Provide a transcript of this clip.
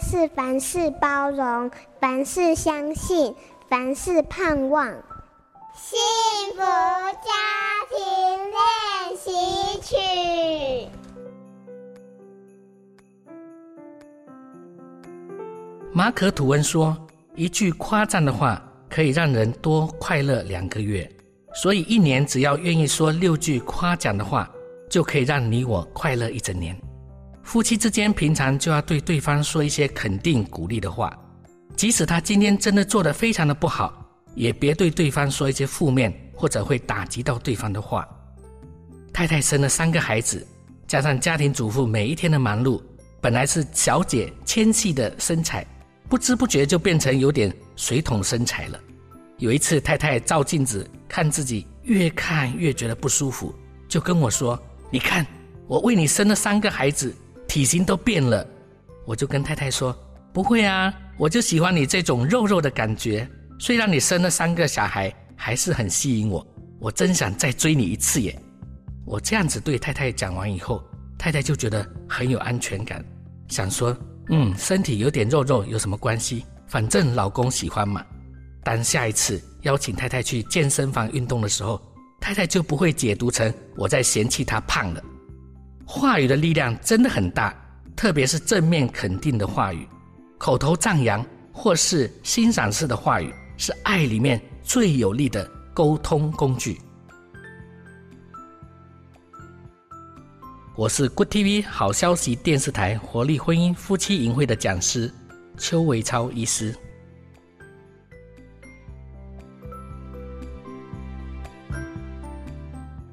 是凡事包容，凡事相信，凡事盼望。幸福家庭練習曲。馬可·吐溫說：“一句誇讚的話，可以讓人多快樂兩個月。所以，一年只要願意說六句誇獎的話，就可以讓你我快樂一整年。”夫妻之間平常就要對對方說一些肯定鼓勵的話，即使他今天真的做得非常的不好，也別對對方說一些負面或者會打擊到對方的話。太太生了三個孩子，加上家庭主婦每一天的忙碌，本來是小姐纖細的身材，不知不覺就變成有點水桶身材了。有一次太太照鏡子看自己，越看越覺得不舒服，就跟我說：“你看，我為你生了三個孩子。”體型都變了，我就跟太太說：“不會啊，我就喜歡你這種肉肉的感覺。雖然你生了三個小孩，還是很吸引我。我真想再追你一次耶！”我這樣子對太太講完以後，太太就覺得很有安全感，想說：“嗯，身體有點肉肉有什麼關係？反正老公喜歡嘛。”當下一次邀請太太去健身房運動的時候，太太就不會解讀成我在嫌棄她胖了。話語的力量真的很大，特別是正面肯定的話語、口頭讚揚或是欣賞式的話語，是愛裡面最有力的溝通工具。我是 Good TV 好消息電視台活力婚姻夫妻營會的講師邱維超醫師。